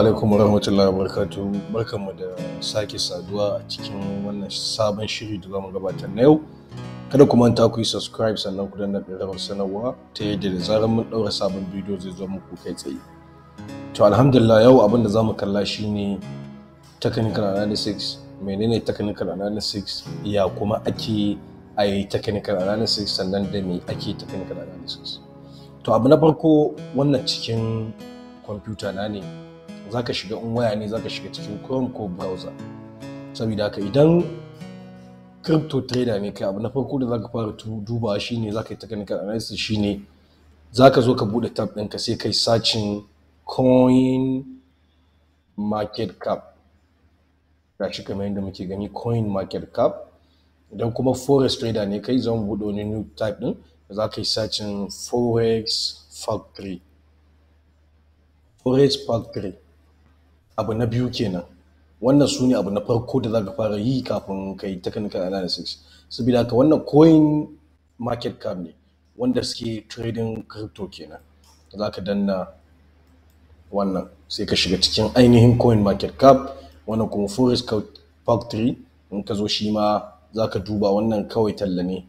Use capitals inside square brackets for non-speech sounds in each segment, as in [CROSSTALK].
alaikum warahmatullahi wabarakatuh barkanmu da sake saduwa a cikin wannan sabon shiri da zamu gabatar na yau kada ku manta ku yi subscribe sannan ku danna ƙararrawar sanarwa ta yadda da zarar mun ɗaura sabon bidiyo zai zo muku kai tsaye to alhamdulillah yau abin da zamu kalla shine technical analysis menene technical analysis ya kuma ake a yi technical analysis sannan da me ake technical analysis to abu na farko wannan cikin kwamfuta na ne za ka shiga in waya ne za ka shiga cikin chrome ko browser saboda haka idan crypto trader ne kai abu na farko da za ka fara duba shi ne za ka yi technical analysis shi ne za ka zo ka buɗe tab ɗinka sai kai searching coin market cap ga shi kamar yadda muke gani coin market cap idan kuma forex trader ne kai zan buɗe wani new type ɗin za ka yi sacin forex factory forex factory abu na biyu kenan wannan su ne abu na farko da za ka fara yi kafin ka yi technical analysis saboda haka wannan coin market cap ne wanda suke trading crypto kenan za ka danna wannan sai ka shiga cikin ainihin coin market cap wannan kuma forest factory in ka zo shi ma za ka duba wannan kawai talla ne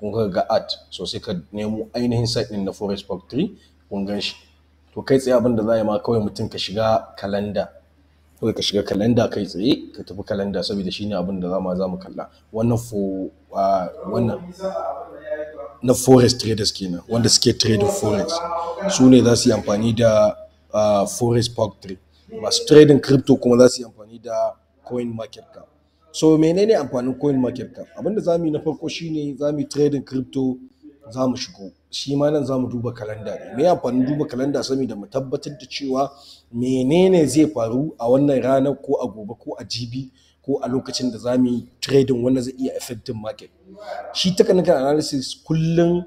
kun ga art so sai ka nemo ainihin site na forest factory kun gan shi to kai tsaye abin da za yi ma kawai mutum ka shiga kalanda kawai ka shiga kalanda kai tsaye ka tafi kalanda saboda shi ne abin da za ma za mu kalla wannan fo wannan na forest traders kenan wanda suke trading Forest. su ne za su yi amfani da Forest Park factory masu trading crypto kuma za su yi amfani da coin market cap so menene amfanin coin market cap abinda za mu yi na farko shine za mu yi trading crypto za mu shigo shi ma nan za mu duba kalanda ne me amfanin duba kalanda saboda mu tabbatar da cewa menene zai faru a wannan ranar ko a gobe ko a jibi ko a lokacin da za mu yi trading wanda zai iya affecting market shi technical analysis kullum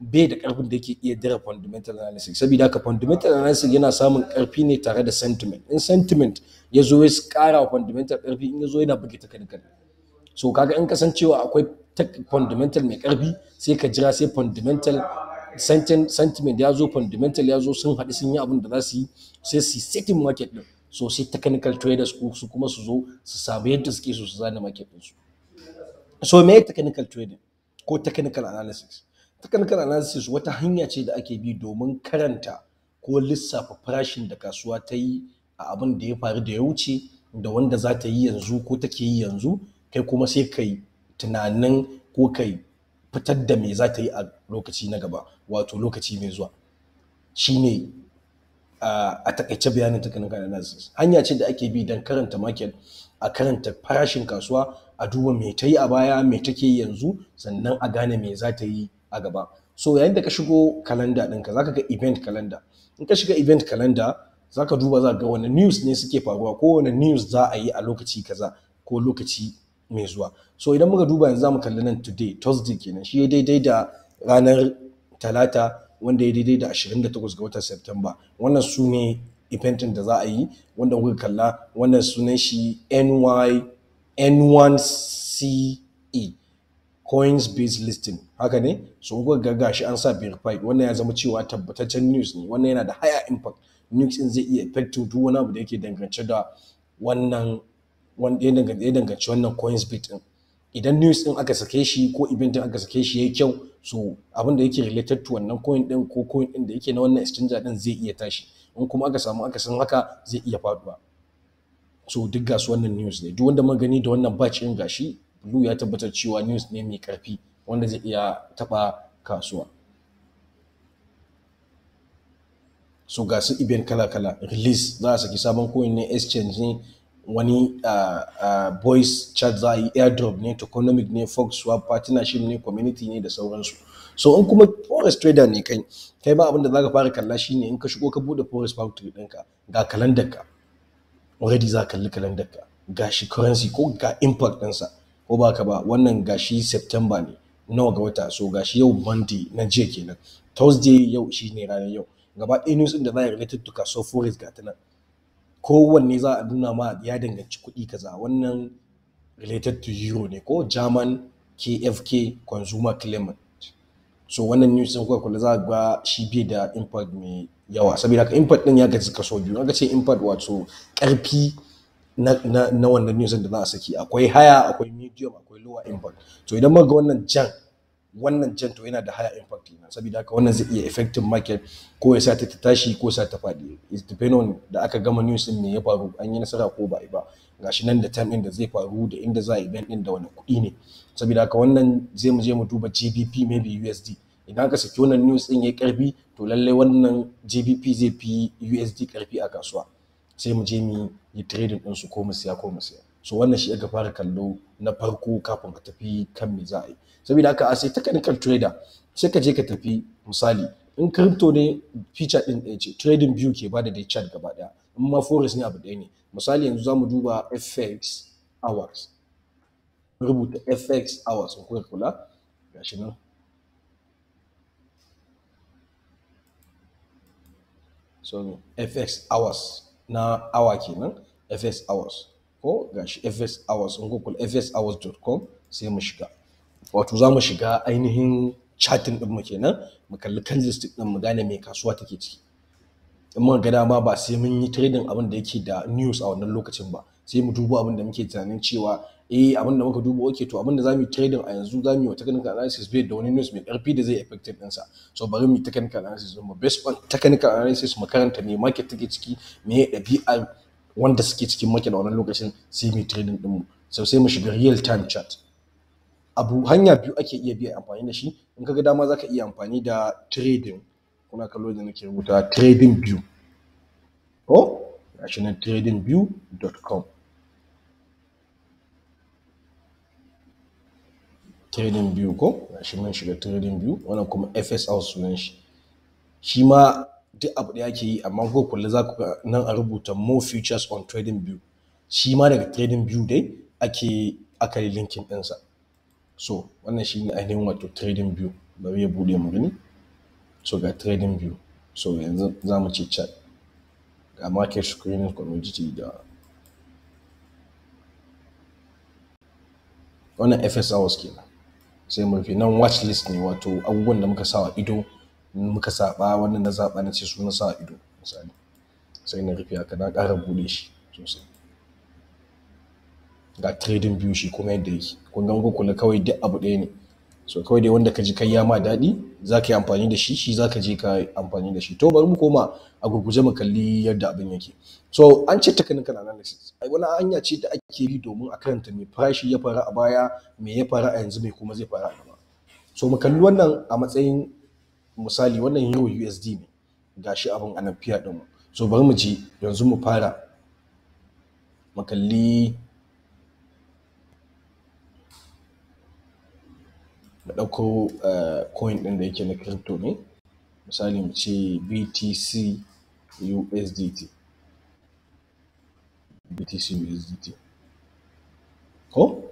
bai da karfin da yake iya dira fundamental analysis saboda ka fundamental analysis yana samun karfi ne tare da sentiment in sentiment ya zo ya kara fundamental karfi in ya zo yana buge technical so kaga in kasancewa akwai fundamental mai karfi sai ka jira sai fundamental sentiment ya zo fundamental ya zo sun haɗu sun yi abin da za su yi sai su setting market ɗin, so sai technical traders ko su kuma su zo su samu yadda suke so su zana market ɗinsu. su so me technical trading ko technical analysis technical analysis wata hanya ce da ake bi domin karanta ko lissafa farashin da kasuwa ta yi a abin da ya faru da ya wuce da wanda za ta yi yanzu ko take yi yanzu kai kuma sai ka yi tunanin ko kai fitar da me za ta yi a lokaci na gaba wato lokaci mai zuwa shi ne a takaice bayanin technical analysis hanya ce da ake bi don karanta market a karanta farashin kasuwa a duba me ta yi a baya me take yanzu sannan a gane me za ta yi a gaba so yayin da ka shigo kalanda ɗinka zaka ga event kalanda in ka shiga event kalanda zaka duba za ga wani news ne suke faruwa ko wani news za a yi a lokaci kaza ko lokaci mai zuwa so idan muka duba yanzu zamu kalli nan today thursday kenan shi ya daidai da ranar talata wanda ya daidai da 28 ga watan september wannan su ne eventin da za a yi wanda kuka kalla wannan sunan shi ny n1ce e, coins based listing haka ne so kuka ga shi an sa verified wannan ya zama cewa tabbataccen news ne wannan yana da higher impact news din zai iya effective duk wani abu da yake dangance da wannan wani ya danganci wannan coins bit din idan news din aka sake shi ko event din aka sake shi yayi kyau so abin da yake related to wannan coin din ko coin din da yake na wannan exchange din zai iya tashi in kuma aka samu aka san haka zai iya faduwa so duk gasu wannan news ne duk wanda mun gani da wannan batch din gashi blue ya tabbatar cewa news ne mai karfi wanda zai iya taba kasuwa so gasu event kala-kala release za a saki sabon coin ne exchange ne wani Boys chat za a yi airdrop ne tokenomic ne fox swap partnership ne community ne da sauransu so in kuma forest trader ne kai kai ba abin da zaka fara kalla shine in ka shigo ka bude forest factory ɗinka ga calendar ka already za kalli calendar ka ga shi currency ko ga impact ɗinsa ko baka ba wannan ga shi september ne nawa ga wata so ga shi yau monday na jiya kenan thursday yau shine ranar yau gaba ɗaya news ɗin da za a yi related to kaso Forest ga ta nan kowanne za a nuna ma ya danganci kuɗi kaza wannan related to euro ne ko german kfk consumer climate so wannan news sun kuka kula za a ga shi bai da impact mai yawa saboda haka impact din ya gaji kaso biyu aka ce impact wato karfi na, na, na wannan news da za a saki akwai haya akwai medium akwai lower impact to idan muka ga wannan jan wannan can to yana da higher impact ina saboda haka wannan zai iya affecting market ko ya sa ta tashi ko sa ta faɗi it depend on da aka gama news din ne ya faru an yi nasara ko ba ba gashi nan da time din da zai faru da inda za a event din da wani kuɗi ne saboda haka wannan zai mu je mu duba GBP maybe USD idan aka saki wannan news din yayi karfi to lalle wannan GBP zai fi USD karfi a kasuwa sai mu je mu yi trading din su ko mu siya ko mu siya so wannan shi aka fara kallo na farko kafin ka tafi kan me za a yi saboda haka a sai technical trader sai ka je ka tafi misali in crypto ne feature din ɗaya ce trading biyu ke bada dai chart gaba daya in ma forex ne abu ɗaya ne misali yanzu zamu duba fx hours rubuta fx hours ko kula gashi nan so fx hours na awa kenan fx hours ko gashi fs hours in google fshours.com sai mu shiga wato za mu shiga ainihin din ɗinmu kenan mu kalli kan candlestick ɗin mu gane mai kasuwa take ciki in muka ga dama ba sai mun yi trading abin da yake da news a wannan lokacin ba sai mu dubo abin da muke tunanin cewa eh abin da muka duba oke to abin da zamu yi trading a yanzu zamu yi wa technical analysis bai da wani news mai karfi da zai din sa so bari mu yi technical analysis mu based on technical analysis mu karanta me market take ciki me dabi'a wanda suke cikin maki da wannan lokacin sai mu trading din mu so sai mu shiga real time chat. abu hanya biyu ake iya biya amfani da shi in kaga dama zaka iya amfani da trading kuna kallo da nake rubuta trading view oh, ko gashi nan tradingview.com trading view ko gashi nan shiga trading view wannan kuma FSL sunan shi shi ma duk abu da yake yi amma ko kulle za ku nan a rubuta more futures on trading view shi ma daga trading view dai ake aka yi linkin ɗinsa so wannan shi ne ainihin wato trading view bari ya buɗe mu gani so ga trading view so yanzu za mu ce chat ga market screening community da wannan fs hours kenan sai mu rufe nan watch list ne wato abubuwan da muka sawa ido muka saba wannan na zaba na ce sa ido misali sai na rufe aka na ƙara buɗe shi sosai ga trading biyu shi kuma yadda yake kun ga kula kawai duk abu ɗaya ne so kawai dai wanda ka ji kai ya ma daɗi za ka yi amfani da shi shi za ka je ka yi amfani da shi to bari mu koma a gurguje mu kalli yadda abin yake so an ce technical analysis ai wani hanya ce da ake yi domin a karanta me farashi ya fara a baya me ya fara a yanzu me kuma zai fara a gaba so mu kalli wannan a matsayin misali wannan euro usd ne gashi abin a nan fiya ɗin so bari mu ji yanzu mu fara mu kalli mu ɗauko eh, coin ɗin da yake na crypto ne misali mu ce btc usdt btc usdt ko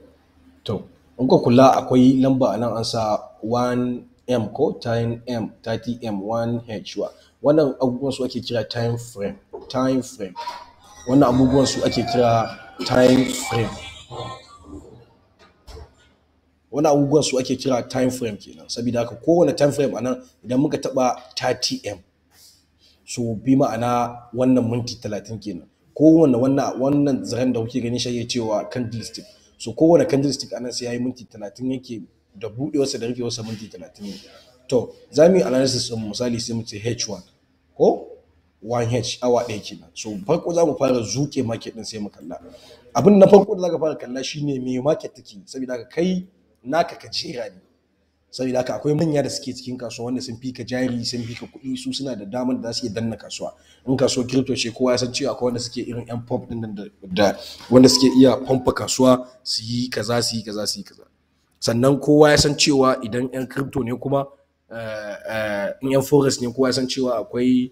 to in ka kula akwai lamba a nan an sa 1 m ko time m 30m 1h wa wannan abubuwan su ake kira time frame time frame wannan abubuwan su ake kira time frame wannan abubuwan su ake kira time frame kenan saboda haka kowane time frame anan idan muka taba 30m so bi ma'ana wannan minti 30 kenan kowane wannan wannan zaren da kuke gani shi cewa candlestick so kowane candlestick anan sai yayi minti 30 yake da buɗewarsa da rufewarsa minti talatin ne to za mu yi analysis ɗin misali sai mu ce h1 ko 1h awa ɗaya kenan so farko za mu fara zuke market ɗin sai mu kalla abin na farko da za ka fara kalla shine me market take saboda ka kai naka ka jera ne saboda haka akwai manya da suke cikin kasuwa wanda sun fi ka jari sun fi ka kuɗi su suna da damar da za su iya danna kasuwa in kasuwar crypto ce kowa ya san cewa akwai wanda suke irin yan pump din da wanda suke iya pompa kasuwa su yi kaza su yi kaza su yi kaza sannan kowa ya san cewa idan 'yan crypto ne kuma eh, eh, in 'yan forest ne kowa ya san cewa akwai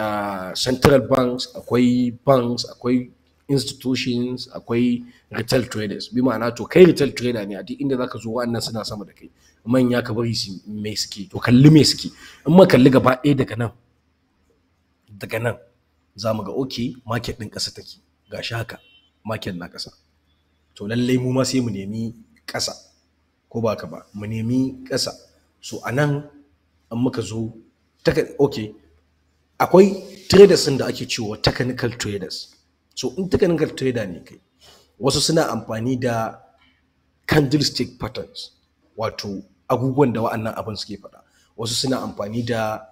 ah, central banks akwai banks akwai institutions akwai retail traders bi ma'ana to kai retail trader ne a duk inda zaka zo wa'annan suna sama da kai manya ka bari su me suke to kalli mai suke in ma kalli gaba ɗaya daga nan daga nan za mu ga ok market ɗin ƙasa take shi haka market na ƙasa to lallai mu ma sai mu nemi ƙasa ko ba ka ba mu nemi ƙasa so a nan an muka zo ok akwai traders da ake cewa technical traders so in technical trader ne kai wasu suna amfani da candlestick patterns wato abubuwan da wa'annan abin suke faɗa wasu suna amfani da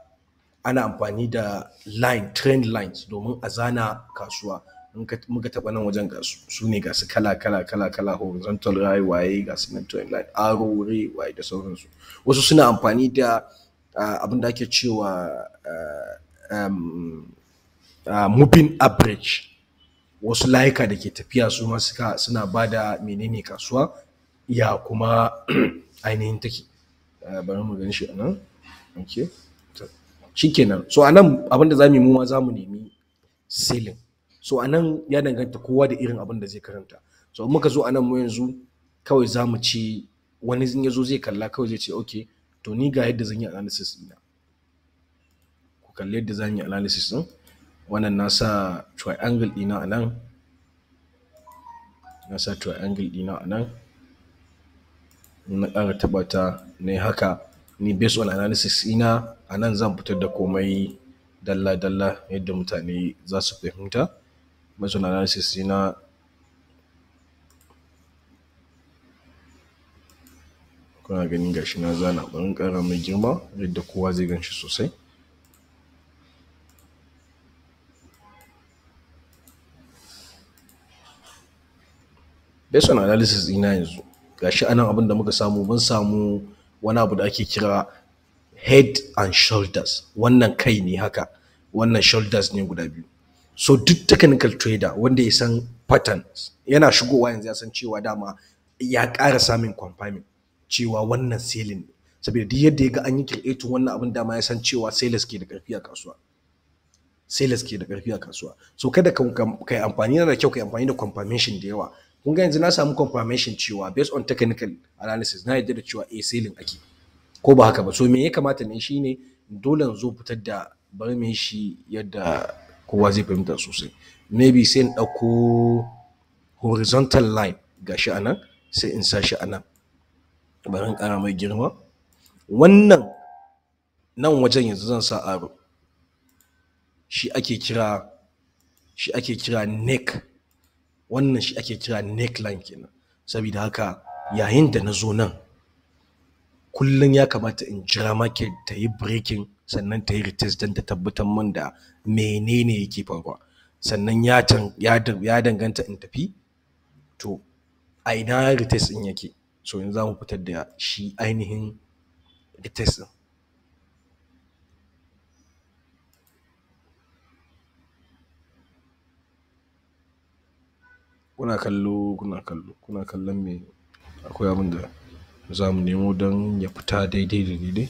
ana amfani da line trend lines domin a zana kasuwa muka taɓa nan wajen ga su ne ga su kala kala kala kala horizontal rai waye ga su mentoring line aro waye da sauransu wasu suna amfani da ah, abin da ake cewa ah, um, ah, moving average wasu layuka da ke tafiya su ma suna ba da menene kasuwa ya kuma [CLEARS THROAT] ainihin take bari mu gan shi anan okay nan? so anan abin da mu yi mu ma mu nemi ceiling so a nan ya danganta kowa da irin abin da zai karanta so muka zo a nan mu yanzu kawai za mu ci wani zin ya zo zai kalla kawai zai ce ok to ni ga yadda zan yi analysis ina ku kalli yadda zan yi analysis din wannan na sa triangle dina a nan na sa triangle dina a nan na ƙara tabbata ne haka ni based on analysis ina anan zan fitar da komai dalla-dalla yadda mutane za su fahimta matching analysis dina kuna ganin gashi na zana barin ƙara mai girma yadda kowa zai ganshi sosai based on analysis dina yanzu gashi anan abin da muka samu mun samu wani abu da ake kira head and shoulders wannan kai ne haka wannan shoulders ne guda biyu so duk technical trader wanda ya san patterns yana shigowa yanzu ya san cewa dama ya ƙara samun confirming cewa wannan selling ne saboda duk yadda ya ga an yi creating wannan abin dama ya san cewa sales ke da ƙarfi a kasuwa sales ke da ƙarfi a kasuwa so kada ka kai amfani da kyau kai amfani da confirmation da yawa kun ga yanzu na samu confirmation cewa based on technical analysis na yadda da cewa a eh, selling ake ko ba haka ba so me ya kamata ne shine dole zo fitar da bari me shi yadda kowa zai fahimta sosai maybe sai in ɗauko horizontal line ga shi anan sai in sa shi anan bari in ƙara mai girma wannan nan wajen yanzu zan sa aro shi ake kira shi ake kira neck wannan shi ake kira neckline kenan saboda haka yayin da na zo nan kullum ya kamata in jira market ta yi breaking sannan ta yi retest don ta tabbatar min da menene yake faruwa sannan ya ya danganta in tafi to a ina retest din yake so yanzu za mu fitar da shi ainihin retest din kuna kallo kuna kallo kuna kallon me akwai abin da za mu nemo don ya fita daidai da daidai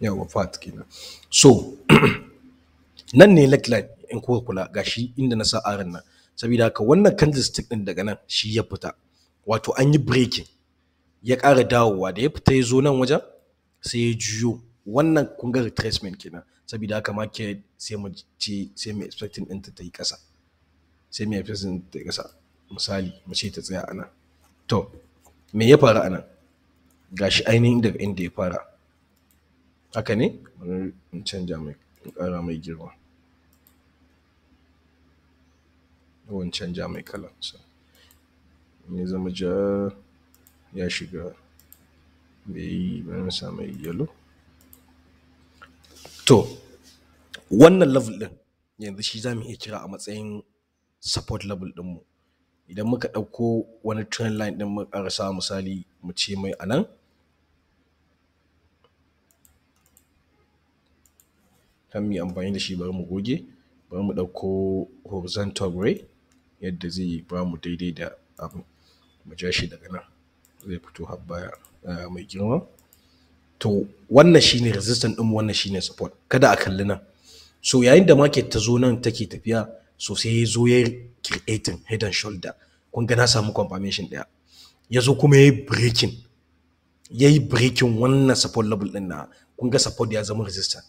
yawa fat kenan so [CLEARS THROAT] nan ne like line in kuka kula gashi inda na sa arin nan saboda haka wannan candlestick din daga nan shi ya fita wato an yi breaking ya ƙara dawowa da ya fita ya zo nan wajen sai ya juyo wannan kun ga retracement kenan saboda haka market sai mu ce sai mu expecting din ta yi ƙasa sai mu expecting ta yi ƙasa misali mu ce ta tsaya a nan to me ya faru a nan gashi ainihin daga inda ya fara haka ne wani canja mai kara mai girma ko canja mai kala ne zama ja ya shiga bai yi bari sa mai yalo. to wannan level din yanzu shi za mu iya kira a matsayin support level mu idan muka ɗauko wani trend line ɗin mu ƙara misali mu ce mai a nan kan mu yi amfani da shi bari mu goge bari mu ɗauko horizontal gray yadda zai ba mu daidai da abu mu ja shi daga nan zai fito har baya eh, mai girma to wannan shine resistance ɗin wannan shine support kada a kalli nan so yayin da market ta zo nan take tafiya so sai ya zo ya creating head and shoulder kun ga na samu confirmation ɗaya ya zo kuma ya yi breaking ya yi breaking wannan support level ɗin na kun ga support ya zama resistance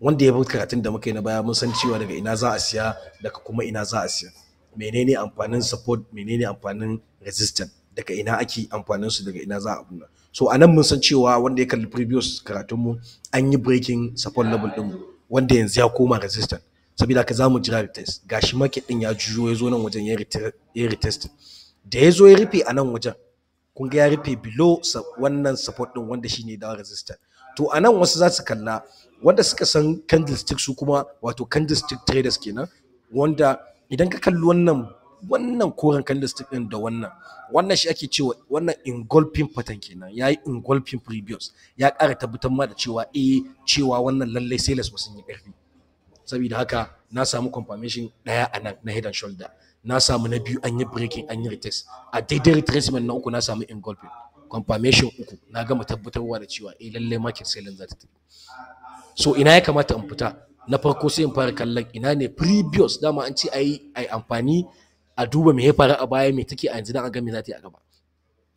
wanda ya bauta karatun da muka yi na baya mun san cewa daga ina za a siya daga kuma ina za a siya menene amfanin support menene amfanin resistance daga ina ake amfanin su daga ina za a buna so a nan mun san cewa wanda ya kalli previous karatun mu an yi breaking support level din mu wanda yanzu ya koma resistance saboda ka zamu jira retest gashi market din ya juyo ya zo nan wajen ya retest da ya zo ya rufe a nan wajen kun ga ya rufe below wannan support din wanda shine dawo resistance to a nan wasu za su kalla wanda suka san candlestick su kuma wato candlestick traders kenan wanda idan ka kalli wannan wannan koren candlestick din da wannan wannan shi ake cewa wannan engulfing pattern kenan yayi engulfing previous ya ƙara tabbatar ma da cewa eh cewa wannan lalle sales ba sun yi ƙarfi saboda haka na samu confirmation daya a nan na head and shoulder na samu na biyu an yi breaking an yi retest a daidai retracement na uku na samu engulfing confirmation uku na gama tabbatarwa da cewa eh lallai market selling za ta tafi so ina ya kamata in fita na farko sai in fara kallon ina ne previous dama an ce ai ai amfani a duba me ya faru a baya me take a yanzu dan a ga me za ta yi a gaba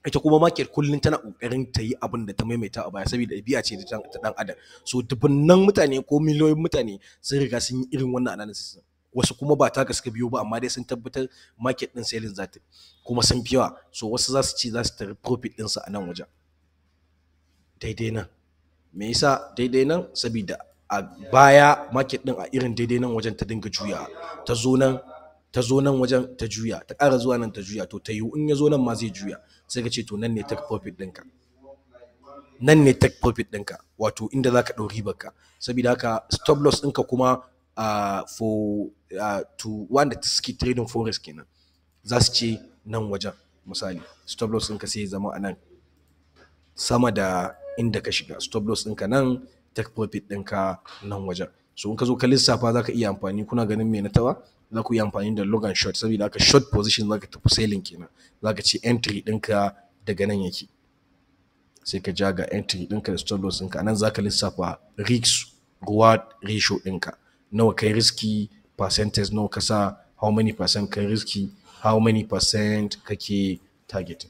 ita kuma market kullum tana kokarin ta yi abin da ta maimaita a baya saboda biya ce ta dan adam so dubunnan mutane ko miliyoyin mutane sun riga sun yi irin wannan analysis wasu kuma ba ta suka biyo ba amma dai sun tabbatar market din selling zata kuma sun fi yawa so wasu za su ci za su tari profit ɗinsu a nan wajen daidai nan me yasa daidai nan saboda a baya market din a irin daidai nan wajen ta dinga juya ta zo nan ta zo nan wajen ta juya ta ƙara zuwa nan ta juya to ta yiwu in ya zo nan ma zai juya sai ka ce to nan ne take profit ɗinka nan ne take profit ɗinka wato inda za ka ɗau ribarka saboda haka stop loss ɗinka kuma Uh, for uh, to wanda suke trading forex kenan za su ce nan wajen misali stop loss ɗinka sai zama a nan sama da inda ka shiga stop loss ɗinka nan take profit ɗinka nan wajen so in ka zo ka lissafa za ka iya amfani kuna ganin me na tawa za ku iya amfani da long and short saboda aka short position za ka tafi selling kenan za ka ce entry ɗinka daga nan yake sai ka ja ga entry ɗinka da stop loss ɗinka nan za ka lissafa risk reward ratio ɗinka nawa kai riski percentage nawa kasa how many percent kai riski how many percent kake target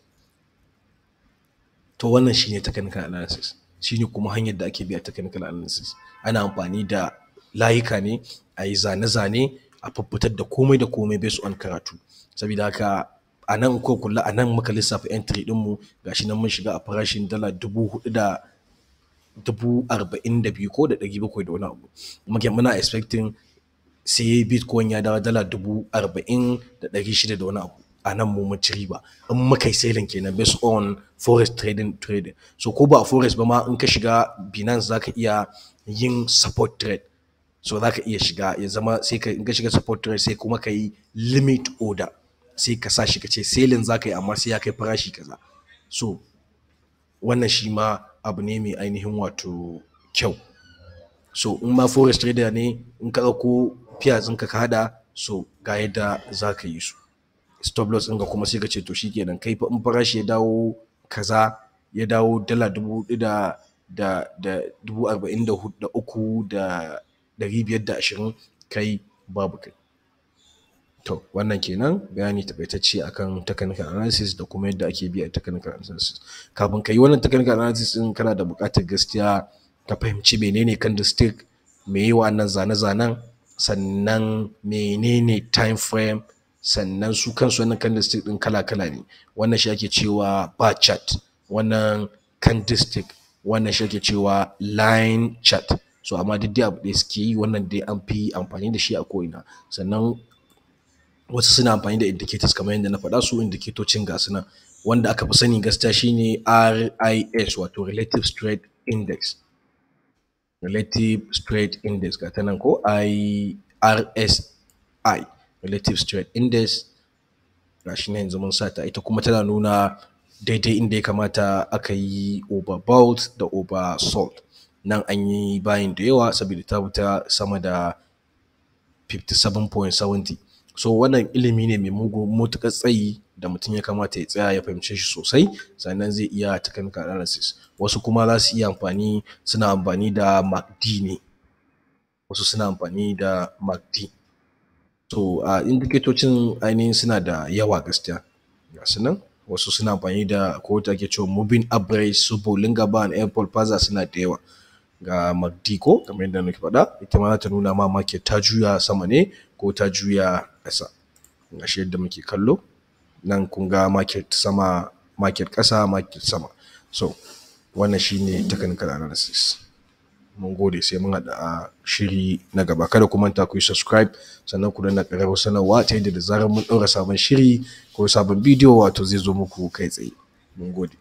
to wannan shine technical analysis shine kuma hanyar da ake bi a technical analysis ana amfani da layuka ne a yi zane-zane a fafutar da komai da komai based on karatu saboda haka a nan ko kula a nan muka lissafa entry ɗinmu gashi nan mun shiga a farashin dala dubu hudu da dubu arba'in da biyu ko da ɗari bakwai da wani abu muke muna expecting sai bitcoin ya dawo dala dubu arba'in da ɗari shida da wani abu a nan mu ci riba in muka yi selling kenan based on forest trading trading so ko ba forest ba ma in ka shiga binance zaka iya yin support trade so zaka iya shiga ya zama sai ka in ka shiga support trade sai kuma ka yi limit order sai ka sa shi ka ce za zaka yi amma sai ya kai farashi kaza so wannan shi ma abu ne mai ainihin wato kyau so in ma forest trader ne in ka ɗauko in ka haɗa so ga yadda za ka yi su stop loss ga kuma sai ka ce to shikenan kai fa in farashi ya dawo kaza ya dawo dala dubu da da da dubu arba'in da uku da ɗari biyar da ashirin kai babu kai To wannan kenan bayani takaitacce akan technical analysis da kuma yadda ake bi a technical analysis. Kafin ka yi wannan technical analysis din kana da buƙatar gaskiya ka fahimci menene candlestick, me yi wa'annan zane-zanen, sannan menene time frame, sannan su kansu wannan candlestick din kala-kala ne. Wannan shi ake cewa bar chart, wannan candlestick, wannan shi ake cewa line chart. So amma duk dai abu ɗaya suke yi wannan dai an fi amfani da shi a ko'ina. Sannan wasu suna amfani da indicators kamar yadda na faɗa su indicatocin gasu na wanda aka fi sani gaskiya shine RIS wato relative strength index relative strength index ga ta nan ko RSI relative strength index ga shi yanzu mun sa ta ita kuma tana nuna daidai inda ya kamata aka yi overbought da oversold nan an yi bayin da yawa saboda ta wuta sama da 57.70 so wannan ilimi ne mai mugu matuƙar tsayi da mutum ya kamata ya tsaya ya fahimce shi sosai sannan zai iya technical analysis wasu kuma za su iya amfani suna amfani da MACD ne wasu suna amfani da MACD so a uh, indicatocin ainihin suna da yawa gaskiya ga su nan wasu suna amfani da ko ta ke cewa moving average su bowling gaba and airport plaza suna da yawa ga magdiko kamar yadda nake faɗa ita ma za ta nuna ma maket ta juya sama ne ko ta juya ƙasa shi yadda muke kallo nan kun ga market sama market ƙasa market sama so wannan shine technical analysis mun gode sai mun haɗu a shiri na gaba kada ku manta ku yi subscribe sannan ku danna ƙararrawar sanarwa ta yadda da zarar mun daura sabon shiri ko sabon bidiyo wato zai zo muku kai tsaye mun gode